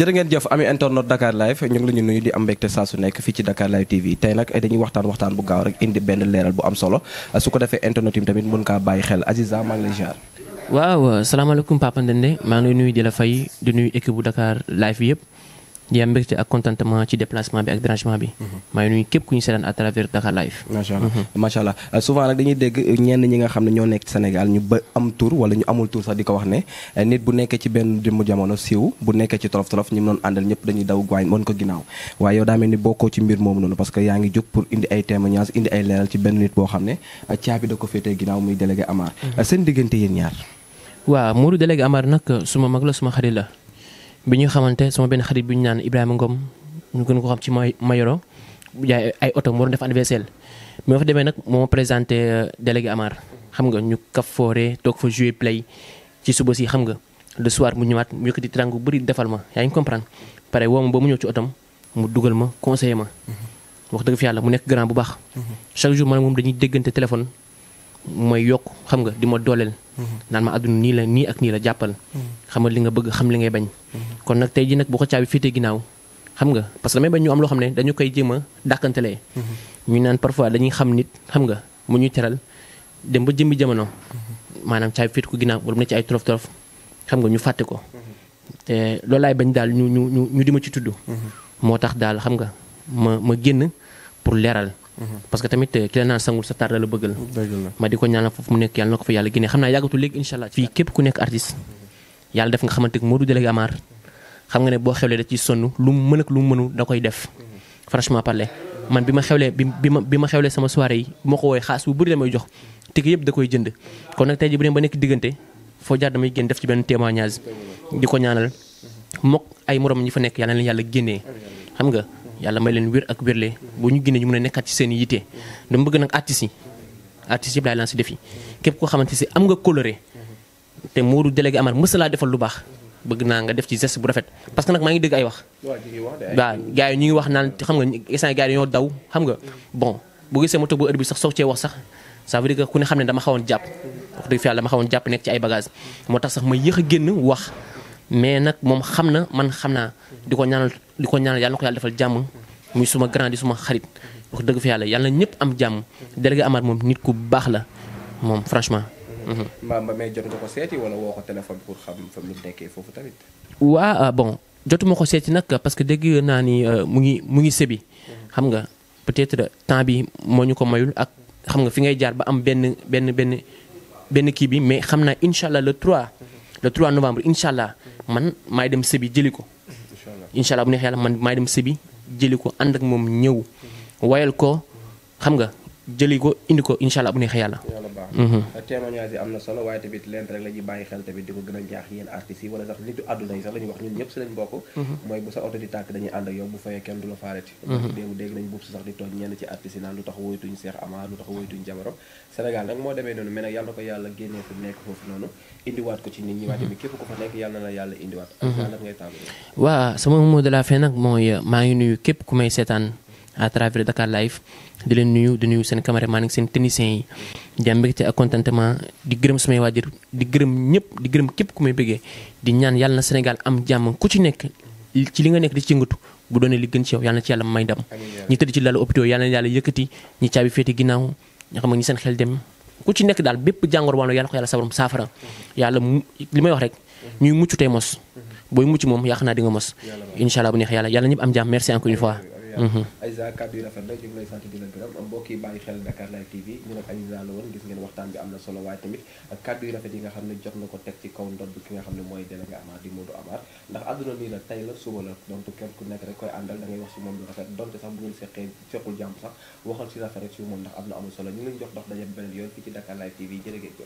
jërë ngeen jëf ami internet Dakar live ñu ngi la ñu nuyu di am mbégte saa su nekk fii ci Dakar live TV tey nag eh, dañuy waxtaan waxtaan bu gaaw rek indi benn leeral bu am solo eh, su ko defee internet yi tamit mën kaa bàyyi xel Aziza maa ngi lay ziar. waaw salaamaaleykum Papa maa ngi lay nuyu di la fay di nuyu équipe bu Dakar live yëpp. di am mbégte ak contentement ci déplacement bi ak dérangement bi. Mhm. maa ngi nuyu képp ku ñu seetaan à travers live. macha allah mhm. euh, souvent nag dañuy dégg ñenn ñi nga xam ne ñoo nekk Sénégal ñu ba am tur wala ñu amul tur sax di ko wax ne euh, nit bu nekkee ci benn jëmmu jamono siiw bu nekkee ci tolof tolof ñi mu doon àndal ñëpp dañuy daw gwaañ mën ko ginnaaw waaye yow daa mel ni bokkoo ci mbir moomu noonu parce yaa ngi jóg pour indi ay témoignages indi ay leeral bi ñu xamante sama benn xarit bi ñu naan Ibrahima Ngom ñu gën ko xam ci may Mayoro jaay ay oto mu doon def anniversaire moo fa demee nag moo présenté euh, délégué Amar xam nga ñu kaf foore toog fa jouer play ci suba si xam nga le soir mu ñëwaat mu di teraanga bu bëri defal ma yaa ngi comprendre pare woo ma ba mu ñëw ci otom mu dugal ma conseiller ma mm-hmm. wax dëgg fi yàlla mu nekk grand bu baax mm-hmm. chaque jour man moom dañuy déggante téléphone mooy yokk xam nga di ma dooleel. Mm-hmm. naan ma àdduna nii la nii ak nii la jàppal. Mm-hmm. xam nga li nga bëgg xam li ngay bañ. Mm-hmm. kon nag tey ji nag bu ko caabi féetee ginnaaw xam nga parce que damay bañ ñu am a dàkkantelee. ñu naan parfois dañuy xam nit xam nga mu ñuy teral dem ba jëmbi jamono. maanaam caabi féete ko ginnaaw wala mu ne ci ay torof torof xam nga ñu fàtte ko. te loolu laay bañ daal ñu ñu ñu ñu di ma ci tudd. moo tax daal xam nga ma ma génn pour leeral. parce que tamit eh, ki la naan sangul sa taar la bëggal ma di ko ñaanal foofu mu nekk yàlla na ko fa yàlla génne xam naa yàggatul léegi incha fii képp ku nekk artiste yàlla def nga xamante ne Modou Délégué xam nga ne boo xewlee da ciy sonn lu mën ak lu mënul da koy def franchement parler man bi ma xewlee bi ma xewlee sama soirée yi moo ko woowee xaas bu bëri la jox tike yëpp da koy jënd kon nag tey ji ba nekk diggante foo jaar damay génn yàlla may leen wér ak wérle boo ñu génnee ñu mën a nekkaat ci seen yitte dama bëgg nag artistes yi artistes yëpp laay lancé défi képp koo xamante si am nga coloré te Modou délégué Amar mës laa defal lu baax bëgg naa nga def ci geste bu rafet parce nag maa ngi dégg ay wax waaw gars yi wax naan xam nga instant gars yi daw xam nga bon boo gisee ma toog ba heure bi sax soog cee wax sax ça veut dire a ku ne xam ne dama xawoon jàpp wax dëgg fi yàlla dama xawoon jàpp nekk a mais nag moom xam na man xam naa di ko ñaanal di ko ñaanal yàlla na ko yàlla defal jàmm muy suma grand suma xarit wax dëgg fi yàlla yàlla na ñëpp am jàmm délégué Amar moom nit ku baax la moom franchement. Mhm. jot nga ko wala woo téléphone pour xam fa mu waa ah, bon jotuma ko seeti nag parce que dégg naa ni euh, mu ngi mu ngi sëbi xam nga peut-être temps bi moo ñu ko mayul ak xam nga fi ngay jaar ba am benn benn benn benn kii bi mais xam naa incha allah le le 3 novembre incha allah man maay dem sëbi jëli ko. incha allah bu neex yàlla man maay dem sëbi jëli ko ànd ak moom ñëw wayal ko xam nga jëli ko indi ko incha allah bu neex yàlla. baax mhm. témoignage yi am na solo waaye tamit leen rek la bàyyi xel tamit di ko gën a jaax yéen artistes yi wala sax nitu àdduna yi sax la wax ñun ñëpp mhm. mhm. dégg dégg buub si sax di toog ñenn ci artistes yi naan lu tax woytuñ Cheikh Amar lu tax woytuñ Jamaro Sénégal nag moo demee noonu mais nag na ko yàlla génnee fi nekk foofu noonu indiwaat ko ci nit ñi waaye tamit képp ko fa nekk yàlla na yàlla indiwaat ak ngay tàmbali waaw de la fin nag mooy maa ngi nuyu à travers Dakar Live di leen nuyu di nuyu seen caméraman ak seen techniciens yi di am mbégte ku may bëggee di ñaan yàlla na Sénégal am jàmm ku ci nekk ci li nga di ci yëngatu bu doonee li gën ci yow yàlla na ci yàlla may ndam ñi tëdd ci lalu hôpitaux yàlla na yàlla yëkkati ñi caabi féete ginnaaw ña xam ne ñi seen xel dem ku ci nekk daal bépp jàngoor wàllu yàlla ko yàlla sabaram saafara yàlla li may wax rek ñuy mucc tey mos mhm. booy mucc moom yaakaar naa di mos incha bu neex yàlla yàlla ñëpp am jàmm merci encore une fois yàlla mhm. Aziza kàddu yu rafet la ñu ngi lay sant di la gërëm mbokk bàyyi xel Dakar Live TV ñu nag Aziza la woon gis ngeen waxtaan bi am na solo waaye tamit kàddu yu rafet yi nga xam ne jot na ko teg ci kaw ndodd ki koy àndal da wax si moom lu rafet donte sax bu ngeen seqee sax waxal si rafet rek moom ndax am na amul solo ñu ngi leen jox dox daje beneen yoon fii ci Dakar Live TV jërëjëf